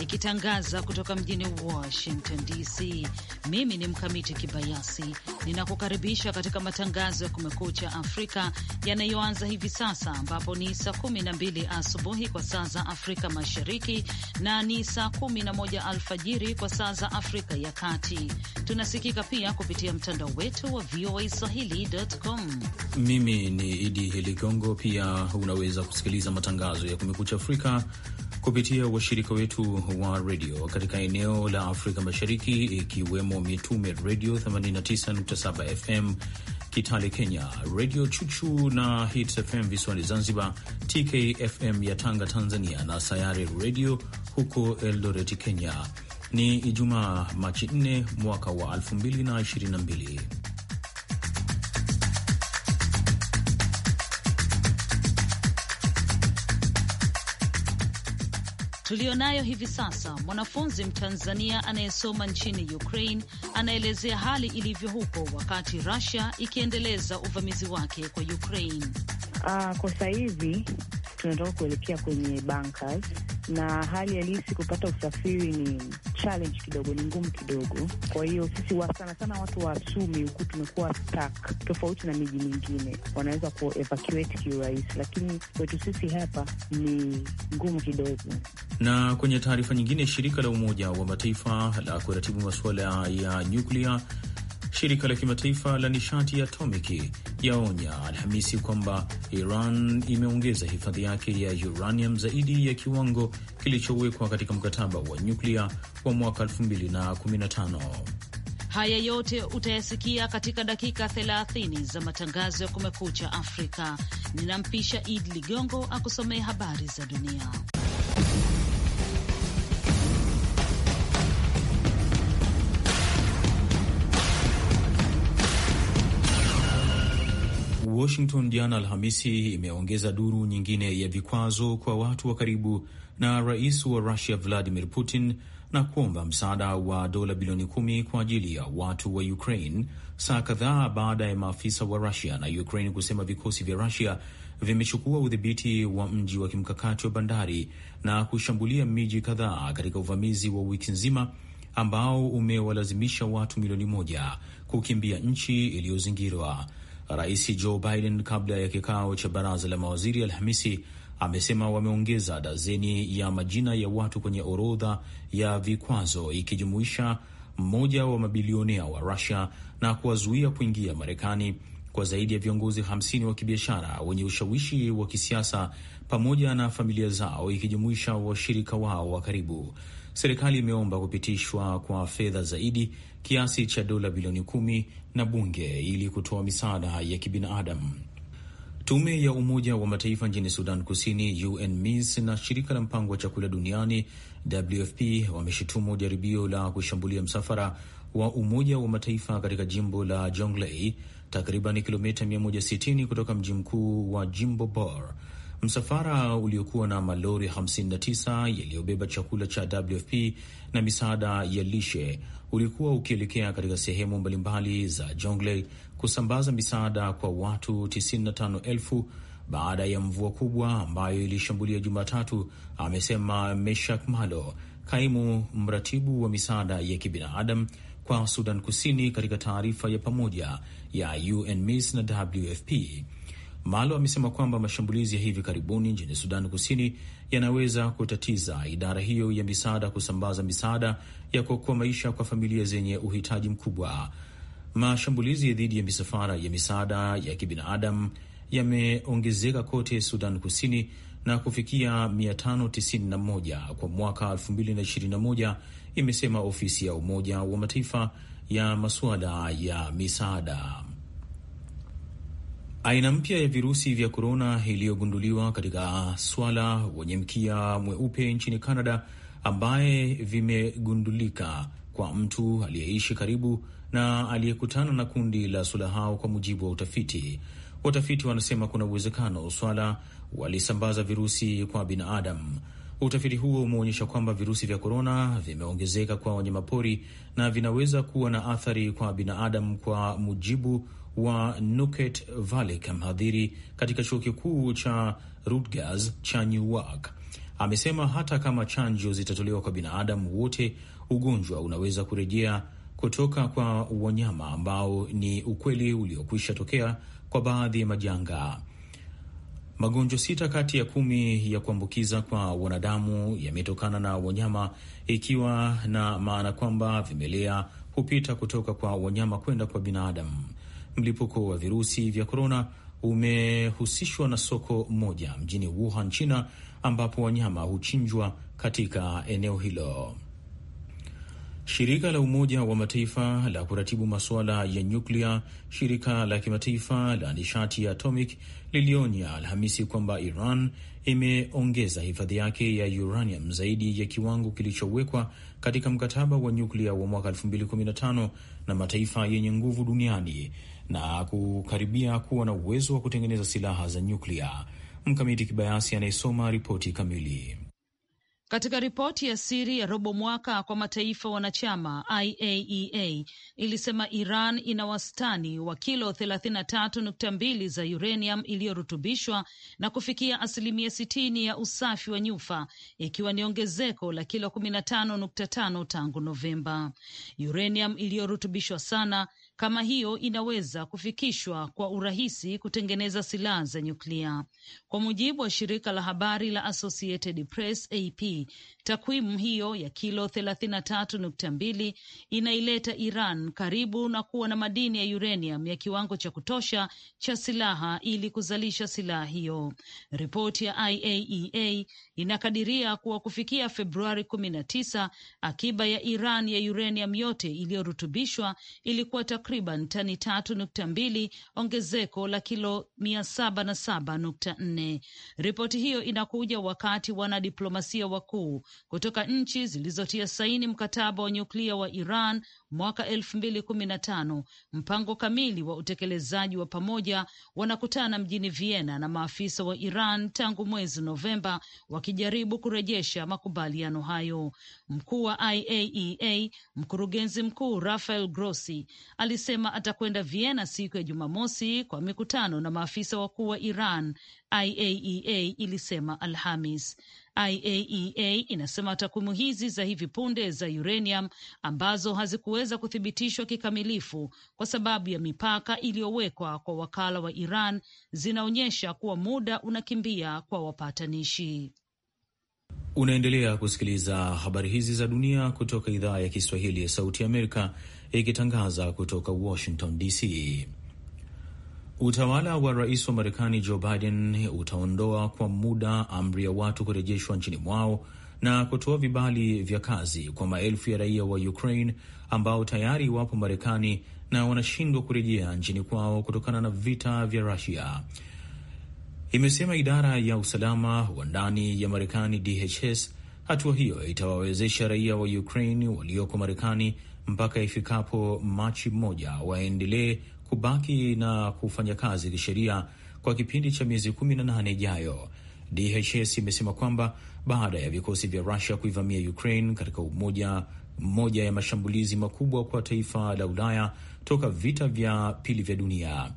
ikitangaza kutoka mjini Washington DC. Mimi ni Mkamiti Kibayasi, ninakukaribisha katika matangazo ya Kumekucha Afrika yanayoanza hivi sasa, ambapo ni saa 12 asubuhi kwa saa za Afrika Mashariki na ni saa 11 alfajiri kwa saa za Afrika ya Kati. Tunasikika pia kupitia mtandao wetu wa VOA Swahili.com. Mimi ni Idi Heligongo. Pia unaweza kusikiliza matangazo ya Kumekucha Afrika kupitia washirika wetu wa redio katika eneo la Afrika Mashariki, ikiwemo Mitume Redio 89.7 FM Kitale Kenya, Redio Chuchu na Hits FM visiwani Zanzibar, TKFM ya Tanga Tanzania, na Sayare Redio huko eldoreti Kenya. Ni Ijumaa, Machi 4 mwaka wa 2022. tuliyonayo hivi sasa. Mwanafunzi Mtanzania anayesoma nchini Ukraine anaelezea hali ilivyo huko wakati Russia ikiendeleza uvamizi wake kwa Ukraine. Uh, kwa sahizi tunataka kuelekea kwenye bunkers na hali halisi kupata usafiri ni challenge kidogo, ni ngumu kidogo. Kwa hiyo sisi wa sana sana watu wa Sumi huku tumekuwa stuck, tofauti na miji mingine wanaweza ku evacuate kiurahisi, lakini kwetu sisi hapa ni ngumu kidogo. Na kwenye taarifa nyingine, shirika la Umoja wa Mataifa la kuratibu masuala ya nyuklia, shirika la kimataifa la nishati ya atomiki yaonya Alhamisi kwamba Iran imeongeza hifadhi yake ya uranium zaidi ya kiwango kilichowekwa katika mkataba wa nyuklia wa mwaka 2015. Haya yote utayasikia katika dakika 30 za matangazo ya Kumekucha Afrika. Ninampisha Idi Ligongo akusomee habari za dunia. Washington jana Alhamisi imeongeza duru nyingine ya vikwazo kwa watu wa karibu na rais wa Rusia Vladimir Putin na kuomba msaada wa dola bilioni kumi kwa ajili ya watu wa Ukraine, saa kadhaa baada ya maafisa wa Rusia na Ukraine kusema vikosi vya Rusia vimechukua udhibiti wa mji wa kimkakati wa bandari na kushambulia miji kadhaa katika uvamizi wa wiki nzima ambao umewalazimisha watu milioni moja kukimbia nchi iliyozingirwa. Rais Joe Biden kabla ya kikao cha baraza la mawaziri Alhamisi amesema wameongeza dazeni ya majina ya watu kwenye orodha ya vikwazo ikijumuisha mmoja wa mabilionea wa Rusia na kuwazuia kuingia Marekani kwa zaidi ya viongozi 50 wa kibiashara wenye ushawishi wa kisiasa pamoja na familia zao ikijumuisha washirika wao wa karibu. Serikali imeomba kupitishwa kwa fedha zaidi kiasi cha dola bilioni kumi na bunge ili kutoa misaada ya kibinadamu. Tume ya Umoja wa Mataifa nchini Sudan Kusini, UNMISS, na shirika la mpango wa chakula duniani WFP wameshutumu jaribio la kushambulia msafara wa Umoja wa Mataifa katika jimbo la Jonglei, takriban kilomita 160 kutoka mji mkuu wa jimbo Bor. Msafara uliokuwa na malori 59 yaliyobeba chakula cha WFP na misaada ya lishe ulikuwa ukielekea katika sehemu mbalimbali za Jonglei kusambaza misaada kwa watu 95,000 baada ya mvua kubwa ambayo ilishambulia Jumatatu, amesema Meshak Malo, kaimu mratibu wa misaada ya kibinadamu kwa Sudan Kusini, katika taarifa ya pamoja ya UNMISS na WFP. Malo amesema kwamba mashambulizi ya hivi karibuni nchini Sudan Kusini yanaweza kutatiza idara hiyo ya misaada kusambaza misaada ya kuokoa maisha kwa familia zenye uhitaji mkubwa. Mashambulizi dhidi ya misafara ya misaada ya kibinadamu yameongezeka kote Sudan Kusini na kufikia 591 kwa mwaka 2021, imesema ofisi ya Umoja wa Mataifa ya masuala ya misaada. Aina mpya ya virusi vya korona iliyogunduliwa katika ah, swala wenye mkia mweupe nchini Canada, ambaye vimegundulika kwa mtu aliyeishi karibu na aliyekutana na kundi la swala hao, kwa mujibu wa utafiti. Watafiti wanasema kuna uwezekano swala walisambaza virusi kwa binadamu. Utafiti huo umeonyesha kwamba virusi vya korona vimeongezeka kwa wanyamapori na vinaweza kuwa na athari kwa binadamu, kwa mujibu wa Nuket Valik, mhadhiri katika chuo kikuu cha Rutgers cha Newark, amesema hata kama chanjo zitatolewa kwa binadamu wote, ugonjwa unaweza kurejea kutoka kwa wanyama, ambao ni ukweli uliokwisha tokea kwa baadhi ya majanga. Magonjwa sita kati ya kumi ya kuambukiza kwa wanadamu yametokana na wanyama, ikiwa na maana kwamba vimelea hupita kutoka kwa wanyama kwenda kwa binadamu mlipuko wa virusi vya korona umehusishwa na soko moja mjini Wuhan, China, ambapo wanyama huchinjwa katika eneo hilo. Shirika la Umoja wa Mataifa la kuratibu masuala ya nyuklia, shirika la kimataifa la nishati ya atomic lilionya Alhamisi kwamba Iran imeongeza hifadhi yake ya uranium zaidi ya kiwango kilichowekwa katika mkataba wa nyuklia wa mwaka 2015 na mataifa yenye nguvu duniani na kukaribia kuwa na uwezo wa kutengeneza silaha za nyuklia. Mkamiti Kibayasi anayesoma ripoti kamili. Katika ripoti ya siri ya robo mwaka kwa mataifa wanachama, IAEA e ilisema Iran ina wastani wa kilo 33.2 za uranium iliyorutubishwa na kufikia asilimia 60 ya usafi wa nyufa, ikiwa ni ongezeko la kilo 15.5 tangu Novemba. Uranium iliyorutubishwa sana kama hiyo inaweza kufikishwa kwa urahisi kutengeneza silaha za nyuklia, kwa mujibu wa shirika la habari la Associated Press AP. Takwimu hiyo ya kilo 33.2 inaileta Iran karibu na kuwa na madini ya uranium ya kiwango cha kutosha cha silaha ili kuzalisha silaha hiyo. Ripoti ya IAEA e inakadiria kuwa kufikia Februari kumi na tisa akiba ya Iran ya uranium yote iliyorutubishwa ilikuwa takriban tani tatu nukta mbili, ongezeko la kilo mia saba na saba nukta nne. Ripoti hiyo inakuja wakati wanadiplomasia wakuu kutoka nchi zilizotia saini mkataba wa nyuklia wa Iran mwaka elfu mbili kumi na tano mpango kamili wa utekelezaji wa pamoja wanakutana mjini Vienna na maafisa wa Iran tangu mwezi Novemba wakijaribu kurejesha makubaliano hayo. Mkuu wa IAEA e mkurugenzi mkuu Rafael Grossi alisema atakwenda Vienna siku ya Jumamosi kwa mikutano na maafisa wakuu wa Iran, IAEA e ilisema Alhamis. IAEA e inasema takwimu hizi za hivi punde za uranium ambazo hazikuweza kuthibitishwa kikamilifu kwa sababu ya mipaka iliyowekwa kwa wakala wa Iran zinaonyesha kuwa muda unakimbia kwa wapatanishi. Unaendelea kusikiliza habari hizi za dunia kutoka idhaa ya Kiswahili ya Sauti ya Amerika ikitangaza kutoka Washington DC. Utawala wa rais wa Marekani Joe Biden utaondoa kwa muda amri ya watu kurejeshwa nchini mwao na kutoa vibali vya kazi kwa maelfu ya raia wa Ukraine ambao tayari wapo Marekani na wanashindwa kurejea nchini kwao kutokana na vita vya Rusia, imesema idara ya usalama wa ndani ya Marekani, DHS. Hatua hiyo itawawezesha raia wa Ukraine walioko Marekani mpaka ifikapo Machi moja waendelee kubaki na kufanya kazi kisheria kwa kipindi cha miezi 18 ijayo. DHS imesema kwamba baada ya vikosi vya Rusia kuivamia Ukraine katika umoja mmoja ya mashambulizi makubwa kwa taifa la Ulaya toka vita vya pili vya dunia,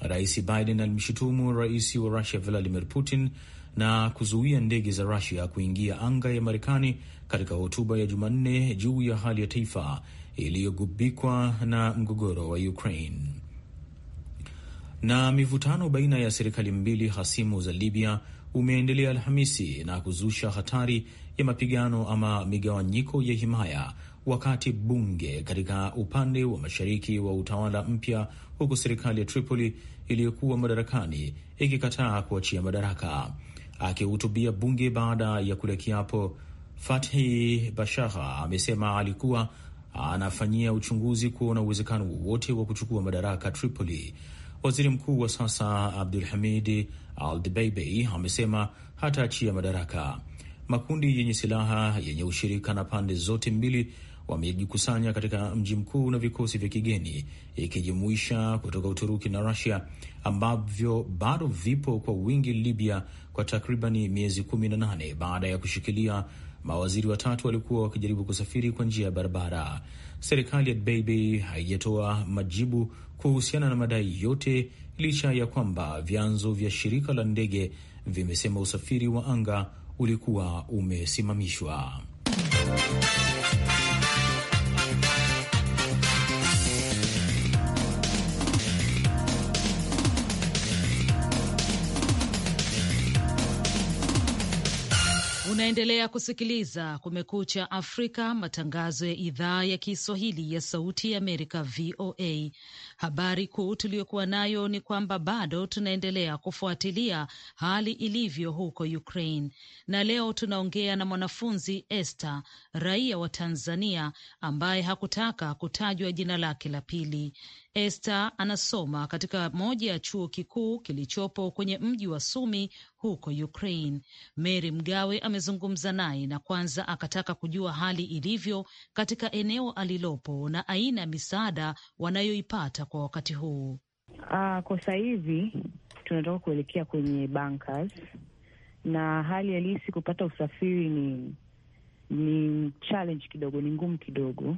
Rais Biden alimshutumu rais wa Rusia Vladimir Putin na kuzuia ndege za Rusia kuingia anga ya Marekani katika hotuba ya Jumanne juu ya hali ya taifa iliyogubikwa na mgogoro wa Ukraine. Na mivutano baina ya serikali mbili hasimu za Libya umeendelea Alhamisi na kuzusha hatari ya mapigano ama migawanyiko ya himaya, wakati bunge katika upande wa mashariki wa utawala mpya, huku serikali ya Tripoli iliyokuwa madarakani ikikataa kuachia madaraka. Akihutubia bunge baada ya kula kiapo, Fathi Bashagha amesema alikuwa anafanyia uchunguzi kuona uwezekano wowote wa kuchukua madaraka Tripoli. Waziri mkuu wa sasa Abdul Hamid Al Dbeibeh amesema hataachia madaraka. Makundi yenye silaha yenye ushirika na pande zote mbili wamejikusanya katika mji mkuu na vikosi vya kigeni ikijumuisha kutoka Uturuki na Rusia ambavyo bado vipo kwa wingi Libya kwa takribani miezi kumi na nane baada ya kushikilia mawaziri watatu walikuwa wakijaribu kusafiri kwa njia ya barabara. Serikali ya Dbeibeh haijatoa majibu kuhusiana na madai yote, licha ya kwamba vyanzo vya shirika la ndege vimesema usafiri wa anga ulikuwa umesimamishwa. Unaendelea kusikiliza Kumekucha Afrika, matangazo ya idhaa ya Kiswahili ya Sauti ya Amerika, VOA. Habari kuu tuliyokuwa nayo ni kwamba bado tunaendelea kufuatilia hali ilivyo huko Ukraine, na leo tunaongea na mwanafunzi Esther, raia wa Tanzania ambaye hakutaka kutajwa jina lake la pili. Esther anasoma katika moja ya chuo kikuu kilichopo kwenye mji wa Sumi huko Ukraine. Mary Mgawe amezungumza naye na kwanza akataka kujua hali ilivyo katika eneo alilopo na aina ya misaada wanayoipata kwa wakati huu? Uh, kwa sasa hivi tunatoka kuelekea kwenye bankers na hali halisi kupata usafiri ni ni challenge kidogo, ni ngumu kidogo,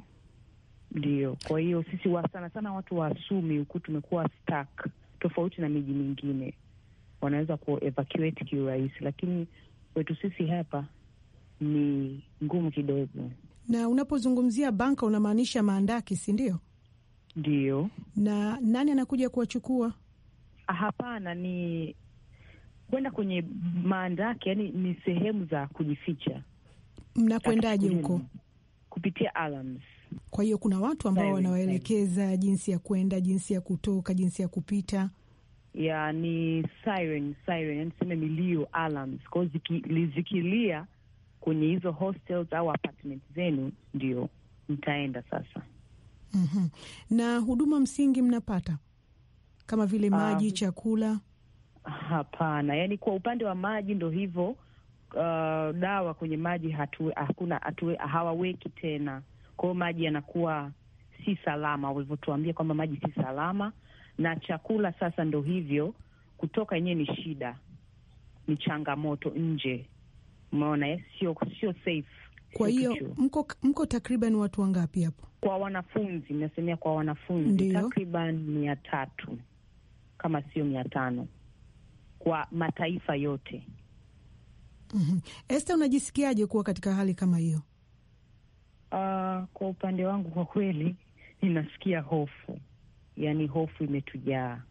ndio. Kwa hiyo sisi wa sana sana watu wa Sumi huku tumekuwa stuck, tofauti na miji mingine wanaweza ku evacuate kiurahisi, lakini kwetu sisi hapa ni ngumu kidogo. Na unapozungumzia banka unamaanisha maandaki, si ndio? Ndio. Na nani anakuja kuwachukua? Hapana, ni kwenda kwenye maandaki, yani ni sehemu za kujificha. Mnakwendaje huko? Kupitia alarms. Kwa hiyo kuna watu ambao wanawaelekeza jinsi ya kwenda, jinsi ya kutoka, jinsi ya kupita. Ya, ni siren, siren, yani tuseme milio alarms. Kwa hiyo ziki, zikilia kwenye hizo hostels au apartment zenu, ndio mtaenda sasa mm -hmm. Na huduma msingi mnapata kama vile ah, maji, um, chakula? Hapana, yaani kwa upande wa maji ndo hivyo. Uh, dawa kwenye maji hatu, hakuna hatu, hawaweki tena, kwa hiyo maji yanakuwa si salama, walivyotuambia kwamba maji si salama. Na chakula sasa ndo hivyo, kutoka yenyewe ni shida, ni changamoto nje, umeona, eh? sio sio safe kwa hiyo mko, mko takriban watu wangapi hapo? Kwa wanafunzi nasemea, kwa wanafunzi takriban mia tatu kama sio mia tano kwa mataifa yote. mm -hmm. Esther, unajisikiaje kuwa katika hali kama hiyo? Uh, kwa upande wangu kwa kweli ninasikia hofu, yaani hofu imetujaa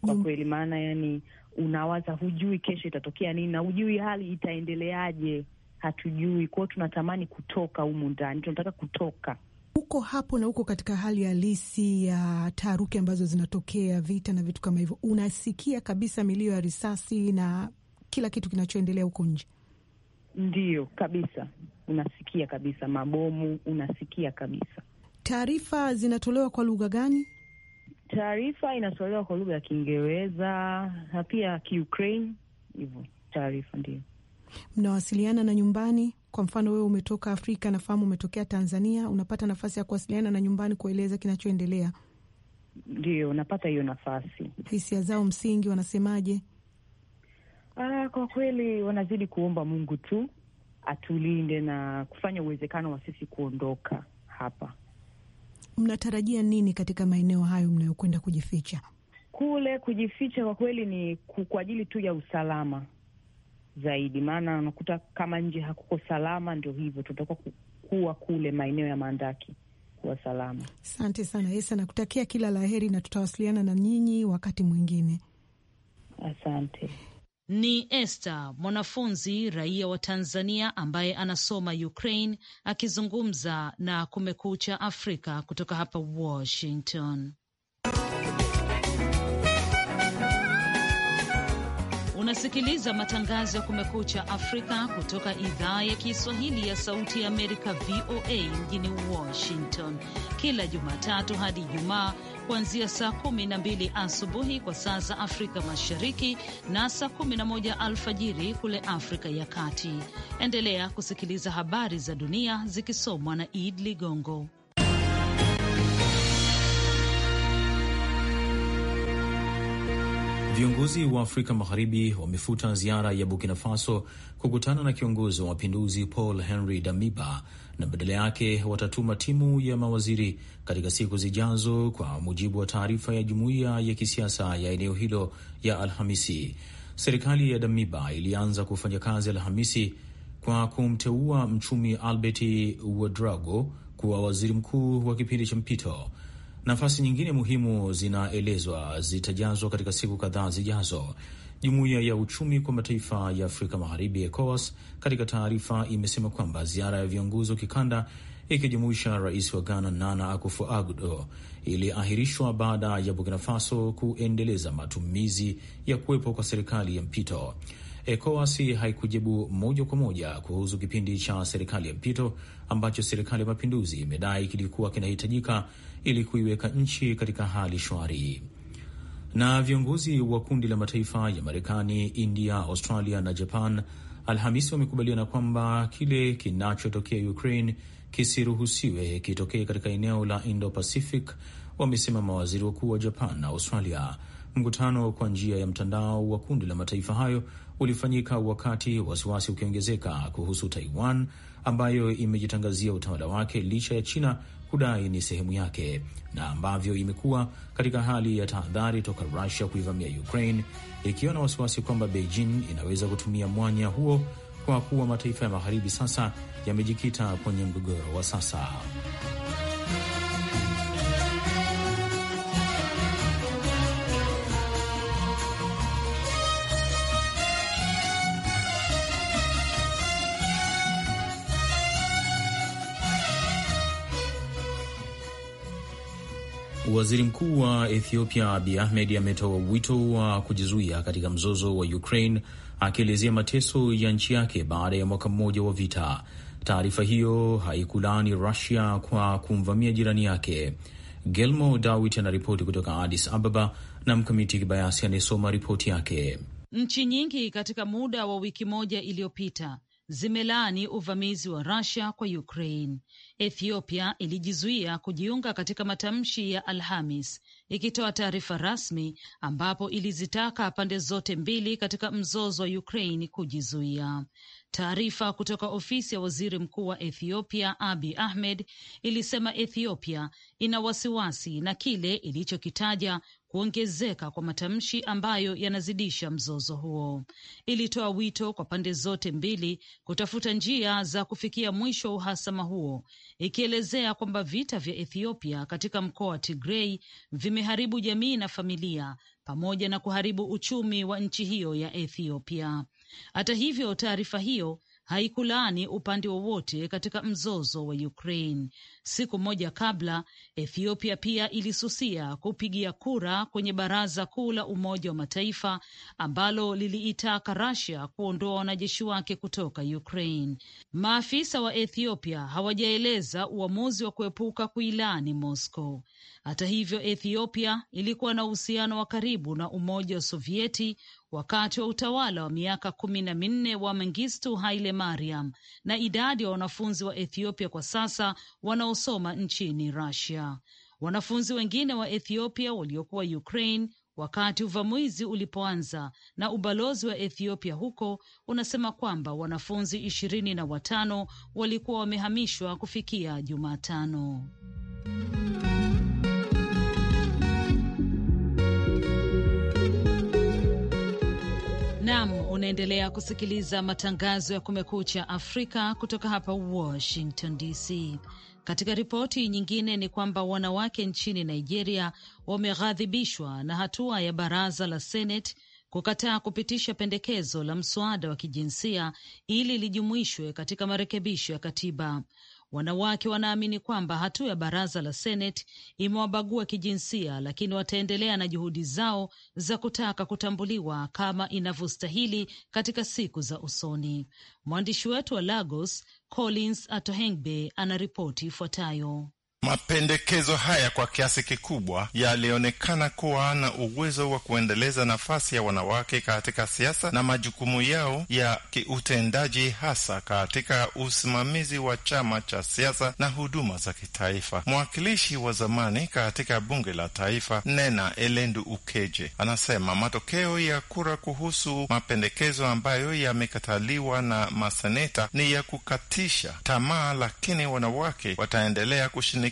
kwa mm. kweli, maana yani unawaza hujui kesho itatokea nini na hujui hali itaendeleaje hatujui kwao, tunatamani kutoka humu ndani, tunataka kutoka huko hapo na huko katika hali halisi ya taharuki ambazo zinatokea, vita na vitu kama hivyo, unasikia kabisa milio ya risasi na kila kitu kinachoendelea huko nje. Ndiyo kabisa, unasikia kabisa mabomu, unasikia kabisa. Taarifa zinatolewa kwa lugha gani? Taarifa inatolewa kwa lugha ya Kiingereza na pia Kiukraine, hivyo taarifa ndio mnawasiliana na nyumbani? Kwa mfano wewe umetoka Afrika, nafahamu umetokea Tanzania, unapata nafasi ya kuwasiliana na nyumbani kueleza kinachoendelea? Ndio, unapata hiyo nafasi. Hisia zao msingi wanasemaje? Ah, kwa kweli wanazidi kuomba Mungu tu atulinde na kufanya uwezekano wa sisi kuondoka hapa. Mnatarajia nini katika maeneo hayo mnayokwenda kujificha? Kule kujificha kwa kweli ni kwa ajili tu ya usalama, zaidi, maana unakuta kama nje hakuko salama, ndio hivyo tutakuwa kuwa kule maeneo ya Mandaki kuwa salama. Asante sana Esa, nakutakia kila la heri na tutawasiliana na nyinyi wakati mwingine. Asante. Ni Esther, mwanafunzi raia wa Tanzania ambaye anasoma Ukraine, akizungumza na Kumekucha Afrika kutoka hapa Washington. Unasikiliza matangazo ya Kumekucha Afrika kutoka idhaa ya Kiswahili ya Sauti ya Amerika, VOA, mjini Washington, kila Jumatatu hadi Ijumaa kuanzia saa 12 asubuhi kwa saa za Afrika Mashariki na saa 11 alfajiri kule Afrika ya Kati. Endelea kusikiliza habari za dunia zikisomwa na Id Ligongo. Viongozi wa Afrika Magharibi wamefuta ziara ya Burkina Faso kukutana na kiongozi wa mapinduzi Paul henry Damiba na badala yake watatuma timu ya mawaziri katika siku zijazo, kwa mujibu wa taarifa ya jumuiya ya kisiasa ya eneo hilo ya Alhamisi. Serikali ya Damiba ilianza kufanya kazi Alhamisi kwa kumteua mchumi Albert Ouedraogo kuwa waziri mkuu wa kipindi cha mpito. Nafasi nyingine muhimu zinaelezwa zitajazwa katika siku kadhaa zijazo. Jumuiya ya uchumi kwa mataifa ya Afrika Magharibi, ECOWAS, katika taarifa imesema kwamba ziara ya viongozi wa kikanda ikijumuisha rais wa Ghana Nana Akufo-Addo iliahirishwa baada ya Burkina Faso kuendeleza matumizi ya kuwepo kwa serikali ya mpito. ECOWAS haikujibu moja kwa moja kuhusu kipindi cha serikali ya mpito ambacho serikali ya mapinduzi imedai kilikuwa kinahitajika ili kuiweka nchi katika hali shwari. Na viongozi wa kundi la mataifa ya Marekani, India, Australia na Japan Alhamisi wamekubaliana kwamba kile kinachotokea Ukraine kisiruhusiwe kitokee katika eneo la Indo Pacific, wamesema mawaziri wakuu wa Japan na Australia. Mkutano kwa njia ya mtandao wa kundi la mataifa hayo ulifanyika wakati wasiwasi ukiongezeka kuhusu Taiwan ambayo imejitangazia utawala wake licha ya China kudai ni sehemu yake na ambavyo imekuwa katika hali ya tahadhari toka Rusia kuivamia Ukraine, ikiwa na wasiwasi kwamba Beijing inaweza kutumia mwanya huo kwa kuwa mataifa ya magharibi sasa yamejikita kwenye mgogoro wa sasa. Waziri Mkuu wa Ethiopia Abiy Ahmed ametoa wito wa kujizuia katika mzozo wa Ukraine, akielezea mateso ya nchi yake baada ya mwaka mmoja wa vita. Taarifa hiyo haikulaani Rusia kwa kumvamia jirani yake. Gelmo Dawit anaripoti kutoka Addis Ababa na Mkamiti Kibayasi anayesoma ripoti yake. Nchi nyingi katika muda wa wiki moja iliyopita zimelaani uvamizi wa rasia kwa Ukraine. Ethiopia ilijizuia kujiunga katika matamshi ya Alhamis ikitoa taarifa rasmi ambapo ilizitaka pande zote mbili katika mzozo wa Ukraine kujizuia. Taarifa kutoka ofisi ya waziri mkuu wa Ethiopia Abi Ahmed ilisema Ethiopia ina wasiwasi na kile ilichokitaja kuongezeka kwa matamshi ambayo yanazidisha mzozo huo. Ilitoa wito kwa pande zote mbili kutafuta njia za kufikia mwisho wa uhasama huo, ikielezea kwamba vita vya Ethiopia katika mkoa wa Tigrei vimeharibu jamii na familia pamoja na kuharibu uchumi wa nchi hiyo ya Ethiopia. Hata hivyo, taarifa hiyo haikulaani upande wowote katika mzozo wa Ukraine. Siku moja kabla, Ethiopia pia ilisusia kupigia kura kwenye Baraza Kuu la Umoja wa Mataifa ambalo liliitaka Russia kuondoa wanajeshi wake kutoka Ukraine. Maafisa wa Ethiopia hawajaeleza uamuzi wa kuepuka kuilaani Moscow. Hata hivyo, Ethiopia ilikuwa na uhusiano wa karibu na Umoja wa Sovieti wakati wa utawala wa miaka kumi na minne wa Mengistu Haile Mariam, na idadi ya wanafunzi wa Ethiopia kwa sasa wanaosoma nchini rasia Wanafunzi wengine wa Ethiopia waliokuwa Ukraine wakati uvamizi ulipoanza, na ubalozi wa Ethiopia huko unasema kwamba wanafunzi ishirini na watano walikuwa wamehamishwa kufikia Jumatano. Nam, unaendelea kusikiliza matangazo ya Kumekucha Afrika kutoka hapa Washington DC. Katika ripoti nyingine ni kwamba wanawake nchini Nigeria wameghadhibishwa na hatua ya baraza la Seneti kukataa kupitisha pendekezo la mswada wa kijinsia ili lijumuishwe katika marekebisho ya katiba. Wanawake wanaamini kwamba hatua ya baraza la Seneti imewabagua kijinsia, lakini wataendelea na juhudi zao za kutaka kutambuliwa kama inavyostahili katika siku za usoni. Mwandishi wetu wa Lagos Collins Atohengbe anaripoti ifuatayo. Mapendekezo haya kwa kiasi kikubwa yalionekana kuwa na uwezo wa kuendeleza nafasi ya wanawake katika siasa na majukumu yao ya kiutendaji, hasa katika usimamizi wa chama cha siasa na huduma za kitaifa. Mwakilishi wa zamani katika bunge la taifa Nena Elendu Ukeje anasema matokeo ya kura kuhusu mapendekezo ambayo yamekataliwa na maseneta ni ya kukatisha tamaa, lakini wanawake wataendelea kushini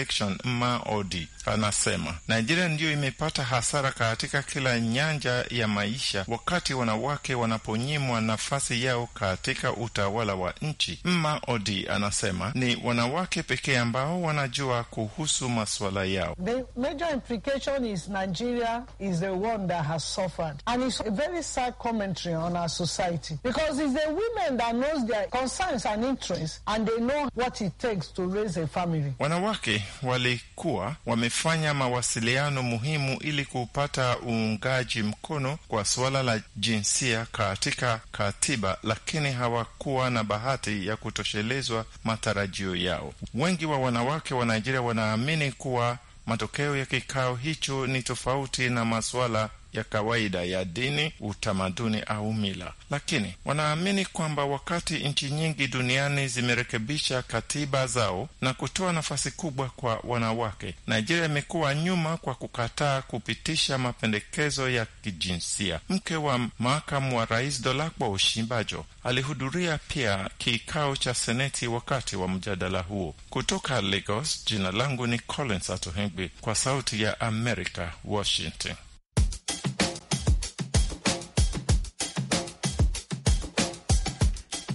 Collection Maodi anasema Nigeria ndiyo imepata hasara katika kila nyanja ya maisha wakati wanawake wanaponyimwa nafasi yao katika utawala wa nchi. Maodi anasema ni wanawake pekee ambao wanajua kuhusu masuala yao. The major implication is Nigeria is the one that has suffered and it's a very sad commentary on our society because it's the women that knows their concerns and interests and they know what it takes to raise a family. Wanawake walikuwa wamefanya mawasiliano muhimu ili kupata uungaji mkono kwa suala la jinsia katika katiba, lakini hawakuwa na bahati ya kutoshelezwa matarajio yao. Wengi wa wanawake wa Nigeria wanaamini kuwa matokeo ya kikao hicho ni tofauti na masuala ya kawaida ya dini, utamaduni au mila, lakini wanaamini kwamba wakati nchi nyingi duniani zimerekebisha katiba zao na kutoa nafasi kubwa kwa wanawake, Nigeria imekuwa nyuma kwa kukataa kupitisha mapendekezo ya kijinsia. Mke wa makamu wa rais Dolakwa ushimbajo alihudhuria pia kikao cha seneti wakati wa mjadala huo. Kutoka Lagos, jina langu ni Collins Atohengwi, kwa Sauti ya Amerika, Washington.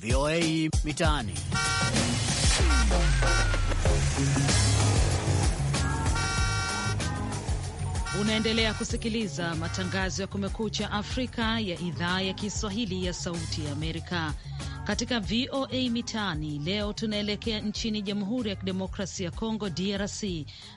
VOA Mitaani. Unaendelea kusikiliza matangazo ya Kumekucha Afrika ya idhaa ya Kiswahili ya Sauti ya Amerika. Katika VOA Mitaani leo tunaelekea nchini Jamhuri ya Kidemokrasia ya Kongo, DRC,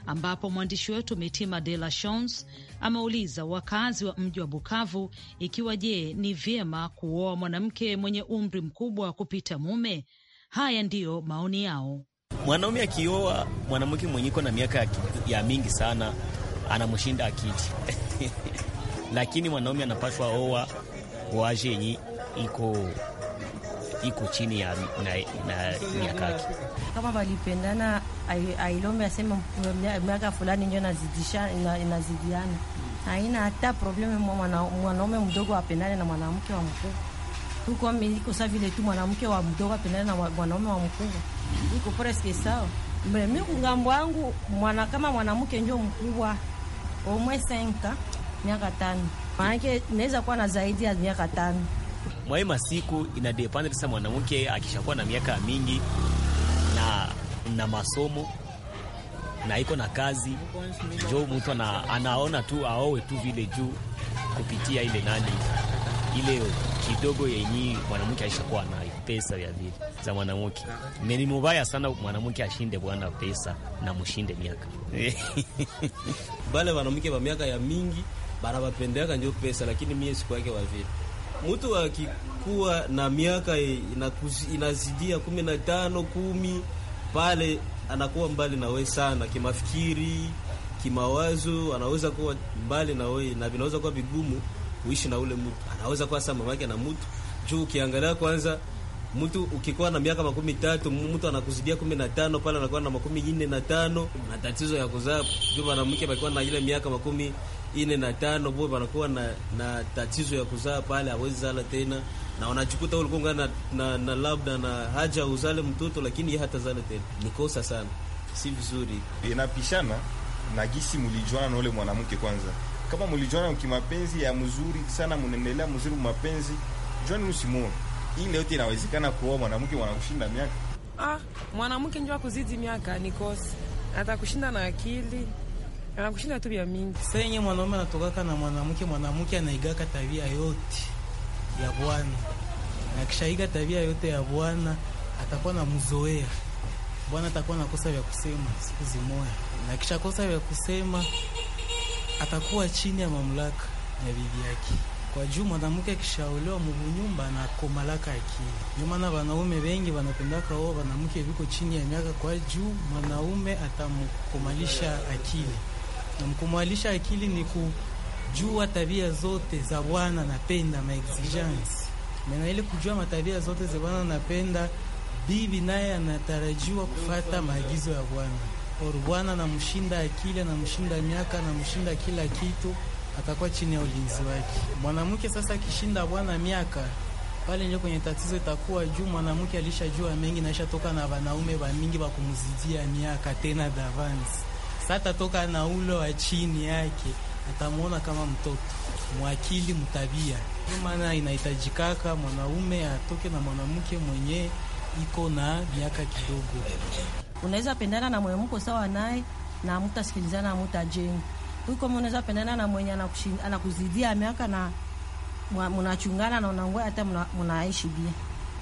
ambapo mwandishi wetu Mitima De La shans ameuliza wakazi wa mji wa Bukavu ikiwa je, ni vyema kuoa mwanamke mwenye umri mkubwa wa kupita mume. Haya ndiyo maoni yao. Mwanaume akioa mwanamke mwenye iko na miaka ya mingi sana anamshinda akiti lakini mwanaume anapaswa oa waje yenye iko iko chini ya miaka kama walipendana, ailombe aseme miaka fulani ndio inazidisha inazidiana, haina hata problem mwanaume mdogo apendane na mwanamke wa mkubwa huko iko sa vile tu mwanamke wa mdogo apendane na mwanaume wa mkubwa, iko preske sawa. Mimi kungambo wangu mwana kama mwanamke ndio mkubwa omwe senka miaka tano, maanake naweza kuwa na zaidi ya miaka tano mwai masiku ina depend mwanamke akishakuwa na miaka mingi na na masomo na iko na kazi, njo mtu anaona tu aowe tu vile juu kupitia ile nani ile kidogo yenye mwanamke aishakuwa na pesa ya vile za mwanamke. Meni mubaya sana mwanamke ashinde bwana pesa na mushinde miaka bale wanamke wa miaka ya mingi barabapendeaka njo pesa, lakini mie siku yake wa vile mtu akikuwa na miaka inazidia kumi na tano kumi pale anakuwa mbali na we sana kimafikiri, kimawazo, anaweza kuwa mbali na we na vinaweza kuwa vigumu kuishi na ule mtu, anaweza kuwa sa mamake na mtu juu ukiangalia kwanza mtu ukikuwa na miaka makumi tatu mtu anakuzidia kumi na tano pale anakuwa na makumi ine na tano na tatizo ya kuzaa juu mwanamke pakiwa na ile miaka makumi ine na tano bo wanakuwa na, na tatizo ya kuzaa pale, hawezi zala tena, na wanachukuta ulikuwa na, na, na labda na haja uzale mtoto, lakini ye hata zale tena. Ni kosa sana, si vizuri, inapishana na gisi mulijuana na ule mwanamke kwanza. Kama mulijuana kimapenzi ya mzuri sana, mnaendelea mzuri mapenzi, jwani usimuone ile leo inawezekana kuoa mwanamke mwanakushinda miaka? Ah, mwanamke njua kuzidi miaka ni kosi, atakushinda na akili anakushinda tu vya mingi. Sasa yenye mwanaume anatokaka na mwanamke, mwanamke anaigaka tabia yote ya bwana, na kishaiga tabia yote ya bwana atakuwa na mzoea bwana, atakuwa na kosa vya kusema siku zimoya, na kisha kosa vya kusema atakuwa chini ya mamlaka ya bibi yake kwa juu mwanamke nyumba na komalaka akili. Ndio maana wanaume wengi wanapendaka wao wanamke viko chini ya miaka kwa juu, mwanaume atamkomalisha akili, na mkomalisha akili ni kujua tabia zote za bwana napenda exigence mena, ile kujua matabia zote za bwana napenda, bibi naye anatarajiwa kufata maagizo ya bwana, or bwana anamshinda akili, anamshinda miaka, anamshinda kila kitu atakuwa chini ya ulinzi wake. Mwanamke sasa akishinda bwana miaka pale, ndio kwenye tatizo itakuwa juu. Mwanamke alishajua mengi na ishatoka na wanaume wa mingi wa kumzidia miaka tena davance. Sasa atatoka na ule wa chini yake, atamwona kama mtoto mwakili, mtabia. Ndio maana inahitajikaka mwanaume atoke na mwanamke mwenye iko na miaka kidogo. Unaweza pendana na mwanamke sawa naye na mtasikilizana, mtajenga huko mnaweza pendana na mwenye anakuzidia miaka na mnachungana na unaongoa hata mnaishi bia.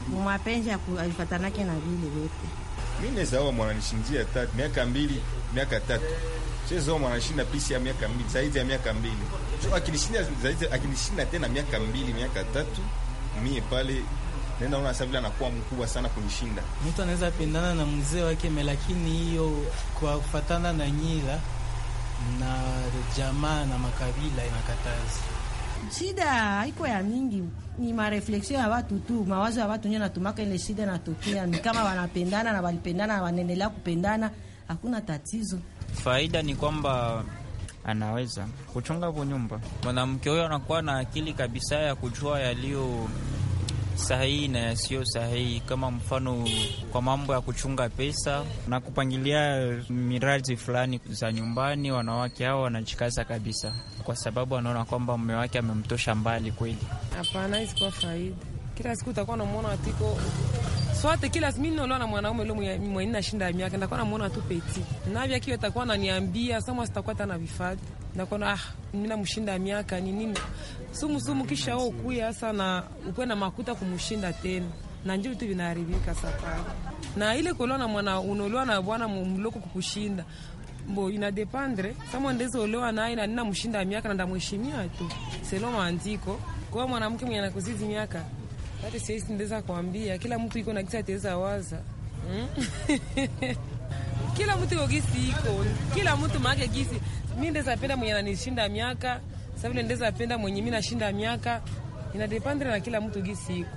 Mwapenzi aifatanake na vile vyote. Mimi naweza oa mwananishinjia tatu, miaka mbili, miaka tatu. chezo oa mwananishinda pisi ya miaka mbili, zaidi ya miaka mbili. Akinishinda zaidi akinishinda tena miaka mbili, miaka tatu, mie pale nenda ona sasa vile anakuwa mkubwa sana kunishinda. Mtu anaweza pendana na mzee wake lakini hiyo kwa kufatana na nyila na jamaa na makabila inakataza. Shida iko ya mingi, ni marefleksio ya watu tu, mawazo ya watu ndio natumaka ile shida inatokea. Ni kama wanapendana na walipendana na wanaendelea kupendana, hakuna tatizo. Faida ni kwamba anaweza kuchunga vunyumba nyumba, mwanamke huyo anakuwa na akili kabisa ya kujua yaliyo sahihi na yasiyo sahihi, kama mfano kwa mambo ya kuchunga pesa na kupangilia miradi fulani za nyumbani. Wanawake hao wanachikaza kabisa, kwa sababu wanaona kwamba mume wake amemtosha mbali. Kweli hapana, isikuwa faida. Kila siku utakuwa namwona atiko sote kila mimi naona na mwanaume yule mwenye na shinda miaka ndakuwa namuona tu peti na kiwe takuwa ananiambia somo sitakuwa tena vifaa ndakuwa ah, mimi namshinda miaka ni nini sumu sumu, kisha wewe ukuya sana ukwe na makuta kumshinda tena na ndio vitu vinaharibika safari na ile kuolewa na mwana unaolewa na bwana mloko kukushinda bo ina dependre kama ndezi olewa naye na nina mshinda miaka na ndamheshimia tu selo maandiko kwa mwanamke mwenye nakuzizi miaka hata siwezi ndeza kuambia, kila mtu iko na kisa ataweza waza mm? kila mtu iko gisi iko kila mtu maake gisi. Mi ndeza penda mwenye ananishinda miaka sa ndeza penda mwenye mi nashinda miaka, inadepandira na kila mtu gisi iko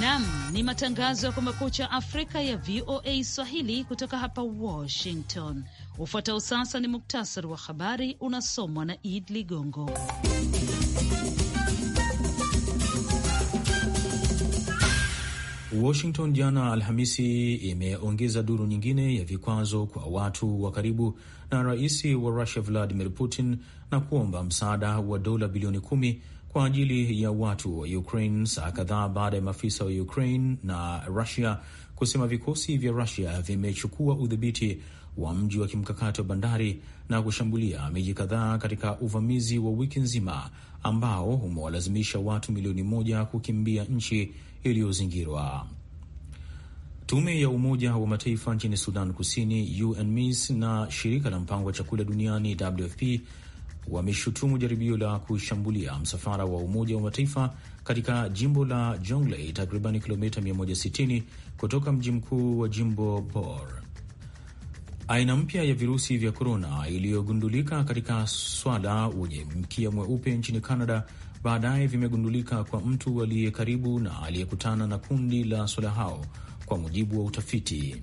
Nam ni matangazo ya Kumekucha Afrika ya VOA Swahili kutoka hapa Washington. Ufuatao sasa ni muktasari wa habari unasomwa na Id Ligongo. Washington jana Alhamisi imeongeza duru nyingine ya vikwazo kwa watu wa karibu na rais wa Rusia Vladimir Putin na kuomba msaada wa dola bilioni kumi kwa ajili ya watu wa Ukraine saa kadhaa baada ya maafisa wa Ukraine na Rusia kusema vikosi vya Rusia vimechukua udhibiti wa mji wa kimkakati wa bandari na kushambulia miji kadhaa katika uvamizi wa wiki nzima ambao umewalazimisha watu milioni moja kukimbia nchi iliyozingirwa. Tume ya Umoja wa Mataifa nchini Sudan Kusini, UNMISS, na shirika la mpango wa chakula duniani WFP wameshutumu jaribio la kushambulia msafara wa Umoja wa Mataifa katika jimbo la Jonglei, takriban kilomita 160 kutoka mji mkuu wa jimbo Bor. Aina mpya ya virusi vya korona iliyogundulika katika swala wenye mkia mweupe nchini Canada baadaye vimegundulika kwa mtu aliye karibu na aliyekutana na kundi la swala hao, kwa mujibu wa utafiti.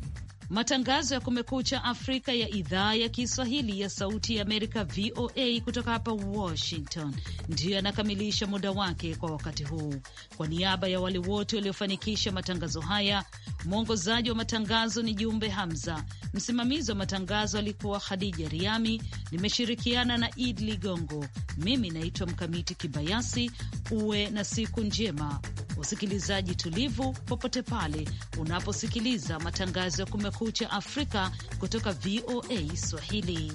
Matangazo ya Kumekucha Afrika ya idhaa ya Kiswahili ya Sauti ya Amerika, VOA, kutoka hapa Washington, ndiyo yanakamilisha muda wake kwa wakati huu. Kwa niaba ya wale wote waliofanikisha matangazo haya, mwongozaji wa matangazo ni Jumbe Hamza, msimamizi wa matangazo alikuwa Khadija Riami, nimeshirikiana na Id Ligongo. Mimi naitwa Mkamiti Kibayasi. Uwe na siku njema, usikilizaji tulivu, popote pale unaposikiliza matangazo ya Kumekucha Kumekucha Afrika kutoka VOA Swahili.